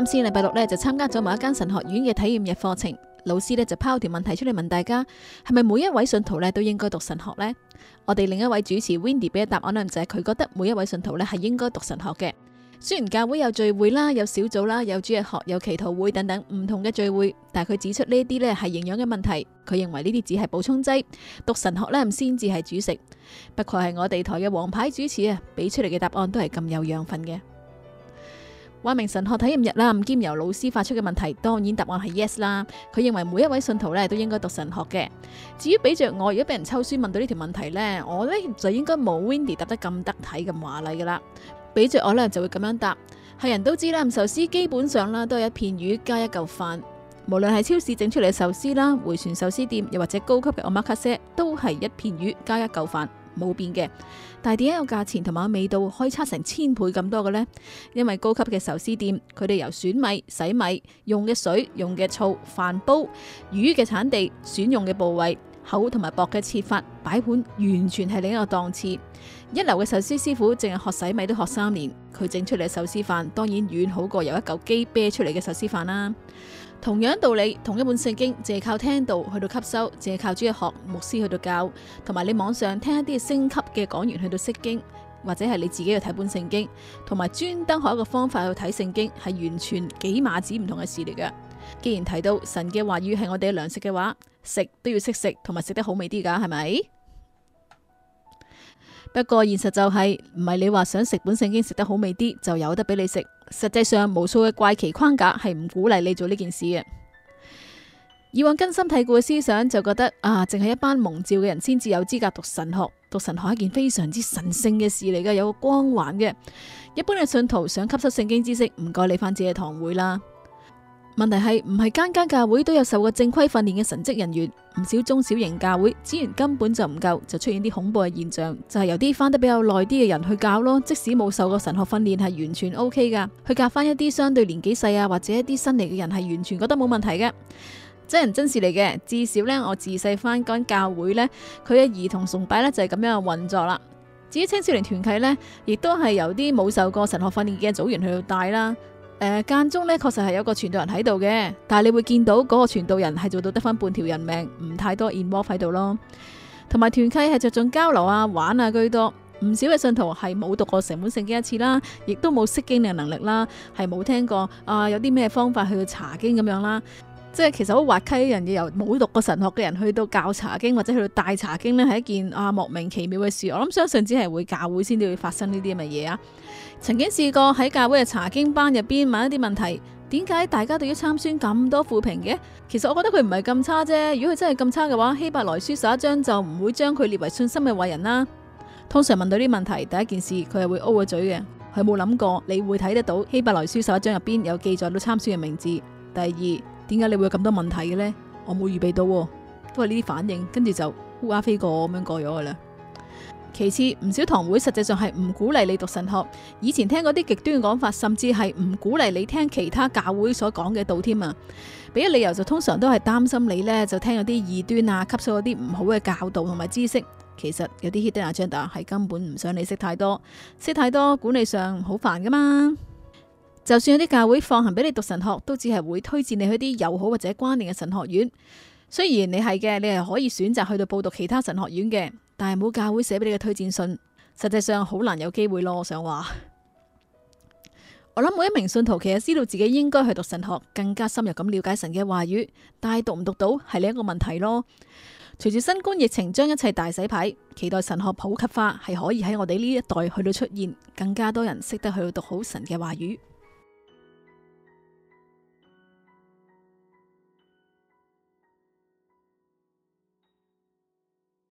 啱先禮拜六咧就參加咗某一間神學院嘅體驗日課程，老師咧就拋條問題出嚟問大家，「係咪每一位信徒咧都應該讀神學呢？」我哋另一位主持 Wendy 俾嘅答案咧就係佢覺得每一位信徒咧係應該讀神學嘅。雖然教會有聚會啦，有小組啦，有主日學，有祈禱會，有祈禱會等等唔同嘅聚會，但係佢指出呢啲咧係營養嘅問題，佢認為呢啲只係補充劑，讀神學咧先至係主食。不愧係我哋台嘅王牌主持啊，俾出嚟嘅答案都係咁有養分嘅。話明神學睇唔日啦，唔兼由老師發出嘅問題，當然答案係 yes 啦。佢認為每一位信徒咧都應該讀神學嘅。至於比着我，如果俾人抽書問到呢條問題咧，我咧就應該冇 Wendy 答得咁得體咁華麗噶啦。比着我咧就會咁樣答。係人都知啦，壽司基本上啦都係一片魚加一嚿飯。無論係超市整出嚟嘅壽司啦，回旋壽司店又或者高級嘅阿 m 卡 k 都係一片魚加一嚿飯。冇變嘅，但係點解個價錢同埋個味道可以差成千倍咁多嘅呢？因為高級嘅壽司店，佢哋由選米、洗米，用嘅水、用嘅醋、飯煲、魚嘅產地、選用嘅部位、厚同埋薄嘅切法、擺盤，完全係另一個檔次。一流嘅壽司師傅，淨係學洗米都學三年，佢整出嚟嘅壽司飯當然遠好過由一嚿機啤出嚟嘅壽司飯啦。同樣道理，同一本聖經，淨係靠聽道去到吸收，淨係靠主日學牧師去到教，同埋你網上聽一啲星級嘅講員去到釋經，或者係你自己去睇本聖經，同埋專登學一個方法去睇聖經，係完全幾碼子唔同嘅事嚟㗎。既然提到神嘅話語係我哋嘅糧食嘅話，食都要識食，同埋食得好味啲噶，係咪？不過現實就係唔係你話想食本聖經食得好味啲就有得俾你食，實際上無數嘅怪奇框架係唔鼓勵你做呢件事嘅。以往根深蒂固嘅思想就覺得啊，淨係一班蒙召嘅人先至有資格讀神學，讀神學係一件非常之神聖嘅事嚟㗎，有個光環嘅。一般嘅信徒想吸收聖經知識，唔該你返自己堂會啦。問題係唔係間間教會都有受過正規訓練嘅神職人員？唔少中小型教會資源根本就唔夠，就出現啲恐怖嘅現象，就係由啲翻得比較耐啲嘅人去教咯。即使冇受過神學訓練，係完全 OK 噶。去教翻一啲相對年紀細啊，或者一啲新嚟嘅人，係完全覺得冇問題嘅。真人真事嚟嘅。至少呢，我自細翻間教會呢，佢嘅兒童崇拜呢，就係咁樣嘅運作啦。至於青少年團契呢，亦都係由啲冇受過神學訓練嘅組員去到帶啦。誒、呃，間中咧確實係有個傳道人喺度嘅，但係你會見到嗰個傳道人係做到得翻半條人命，唔太多燕窩喺度咯。同埋團契係着重交流啊、玩啊居多，唔少嘅信徒係冇讀過成本聖經一次啦，亦都冇識經嘅能力啦，係冇聽過啊，有啲咩方法去查經咁樣啦。即係其實好滑稽，一樣嘢，由冇讀過神學嘅人去到教查經或者去到帶查經呢係一件啊莫名其妙嘅事。我諗相信只係會教會先至會發生呢啲咁嘅嘢啊。曾經試過喺教會嘅查經班入邊問一啲問題，點解大家對於參孫咁多負評嘅？其實我覺得佢唔係咁差啫。如果佢真係咁差嘅話，《希伯來書》十一章就唔會將佢列為信心嘅偉人啦。通常問到呢啲問題，第一件事佢係會 O 個嘴嘅，佢冇諗過你會睇得到《希伯來書》十一章入邊有記載到參孫嘅名字。第二，點解你會有咁多問題嘅呢？我冇預備到。哦，都係呢啲反應，跟住就烏鴉、啊、飛過咁樣過咗嘅啦。其次，唔少堂會實際上係唔鼓勵你讀神學，以前聽嗰啲極端嘅講法，甚至係唔鼓勵你聽其他教會所講嘅道添啊。俾嘅理由就通常都係擔心你呢，就聽咗啲異端啊，吸收咗啲唔好嘅教導同埋知識。其實有啲 hidden agenda 係根本唔想你識太多，識太多管理上好煩噶嘛。就算有啲教會放行俾你讀神學，都只係會推薦你去啲友好或者關聯嘅神學院。雖然你係嘅，你係可以選擇去到報讀其他神學院嘅，但係冇教會寫俾你嘅推薦信，實際上好難有機會咯。我想話， 我諗每一名信徒其實知道自己應該去讀神學，更加深入咁了解神嘅話語，但係讀唔讀到係另一個問題咯。隨住新冠疫情將一切大洗牌，期待神學普及化係可以喺我哋呢一代去到出現，更加多人識得去讀好神嘅話語。